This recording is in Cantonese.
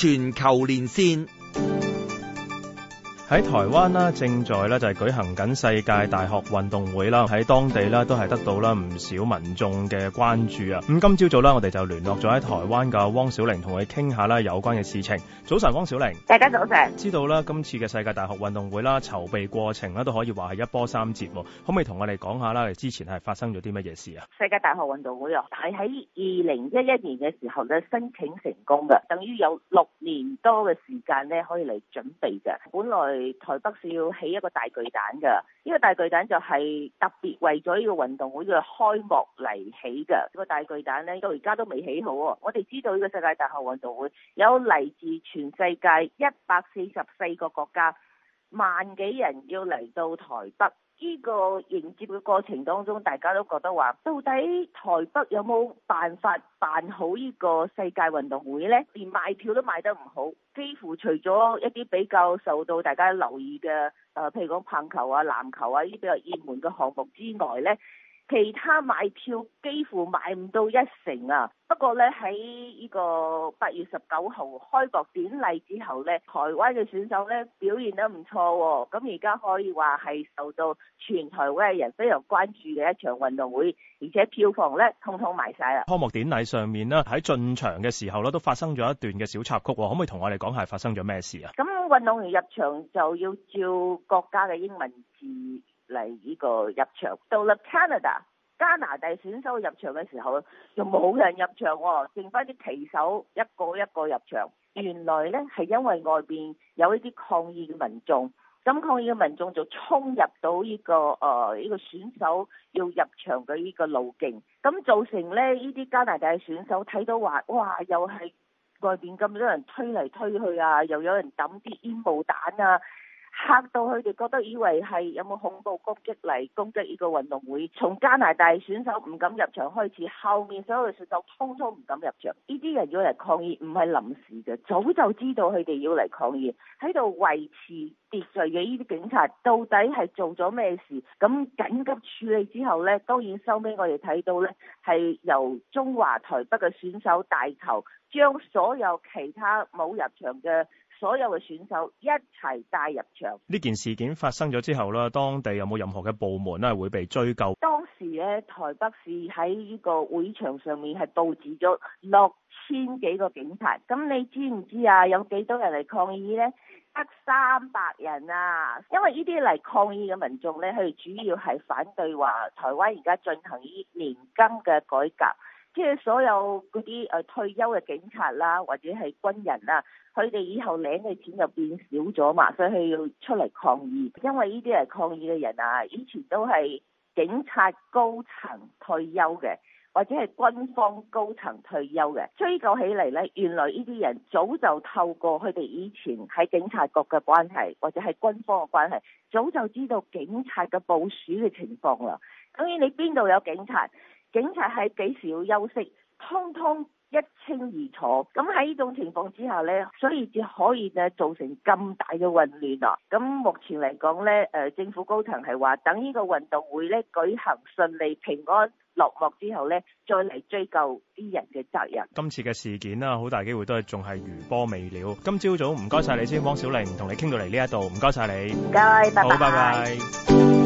全球連線。喺台灣啦，正在咧就係舉行緊世界大學運動會啦，喺當地啦都係得到啦唔少民眾嘅關注啊！咁今朝早啦，我哋就聯絡咗喺台灣嘅汪小玲，同佢傾下啦有關嘅事情。早晨，汪小玲，大家早晨。知道啦，今次嘅世界大學運動會啦，籌備過程咧都可以話係一波三折，可唔可以同我哋講下啦？之前係發生咗啲乜嘢事啊？世界大學運動會啊，係喺二零一一年嘅時候咧申請成功嘅，等於有六年多嘅時間咧可以嚟準備嘅，本來。.台北市要起一個大巨蛋噶，呢、這個大巨蛋就係特別為咗呢個運動會嘅、就是、開幕嚟起噶。這個大巨蛋呢，到而家都未起好。我哋知道呢個世界大學運動會有嚟自全世界一百四十四個國家，萬幾人要嚟到台北。呢個迎接嘅過程當中，大家都覺得話，到底台北有冇辦法辦好呢個世界運動會呢？連賣票都賣得唔好，幾乎除咗一啲比較受到大家留意嘅，呃、譬如講棒球啊、籃球啊呢啲比較熱門嘅項目之外呢，其他買票幾乎買唔到一成啊！不過呢，喺呢個八月十九號開幕典禮之後呢，台灣嘅選手呢，表現得唔錯喎。咁而家可以話係受到全台灣嘅人非常關注嘅一場運動會，而且票房呢通通賣晒啦。開幕典禮上面呢，喺進場嘅時候呢都發生咗一段嘅小插曲，哦，可唔可以同我哋講下發生咗咩事啊？咁、嗯、運動員入場就要照國家嘅英文字。嚟呢個入場到咗 Canada，加,加拿大選手入場嘅時候，又冇人入場喎、哦，剩翻啲棋手一個一個入場。原來呢係因為外面有一啲抗議嘅民眾，咁抗議嘅民眾就衝入到呢、這個誒呢、呃這個選手要入場嘅呢個路徑，咁造成呢呢啲加拿大嘅選手睇到話，哇，又係外邊咁多人推嚟推去啊，又有人抌啲煙霧彈啊！嚇到佢哋覺得以為係有冇恐怖攻擊嚟攻擊呢個運動會，從加拿大選手唔敢入場開始，後面所有嘅選手通通唔敢入場。呢啲人要嚟抗議，唔係臨時嘅，早就知道佢哋要嚟抗議，喺度維持秩序嘅呢啲警察到底係做咗咩事？咁緊急處理之後呢，當然收尾我哋睇到呢。係由中華台北嘅選手帶頭，將所有其他冇入場嘅所有嘅選手一齊帶入場。呢件事件發生咗之後咧，當地有冇任何嘅部門咧會被追究？當時呢，台北市喺呢個會場上面係佈置咗六千幾個警察。咁你知唔知啊？有幾多人嚟抗議呢？得三百人啊，因為呢啲嚟抗議嘅民眾咧，佢主要係反對話台灣而家進行呢年金嘅改革，即係所有嗰啲誒退休嘅警察啦，或者係軍人啊，佢哋以後領嘅錢就變少咗嘛，所以佢要出嚟抗議。因為呢啲係抗議嘅人啊，以前都係警察高層退休嘅，或者係軍方高層退休嘅。追究起嚟呢，原來呢啲人早就透過佢哋以前喺警察局嘅關係，或者係軍方嘅關係，早就知道警察嘅部署嘅情況啦。當然，你邊度有警察，警察喺幾時要休息，通通。一清二楚，咁喺呢種情況之下呢，所以至可以呢造成咁大嘅混亂啊！咁目前嚟講呢，誒政府高層係話等呢個運動會呢舉行順利平安落幕之後呢，再嚟追究啲人嘅責任。今次嘅事件啦，好大機會都係仲係餘波未了。今朝早唔該曬你先，汪小玲，同你傾到嚟呢一度，唔該曬你，唔該，拜拜，好，拜拜。